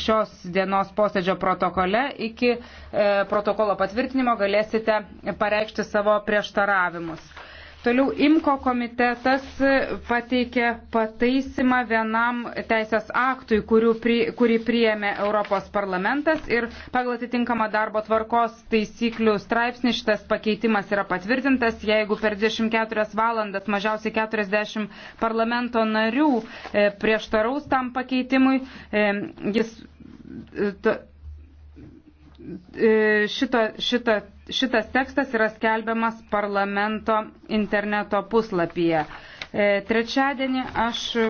šios dienos posėdžio protokole iki e, protokolo patvirtinimo galėsite pareikšti savo prieštaravimus. Toliau IMKO komitetas pateikė pataisimą vienam teisės aktui, pri, kurį priėmė Europos parlamentas ir pagal atitinkamą darbo tvarkos taisyklių straipsnį šitas pakeitimas yra patvirtintas. Jeigu per 24 valandas mažiausiai 40 parlamento narių e, prieštaraus tam pakeitimui, e, jis e, šita, e, šita, šitas tekstas yra skelbiamas parlamento interneto puslapyje. E, trečiadienį aš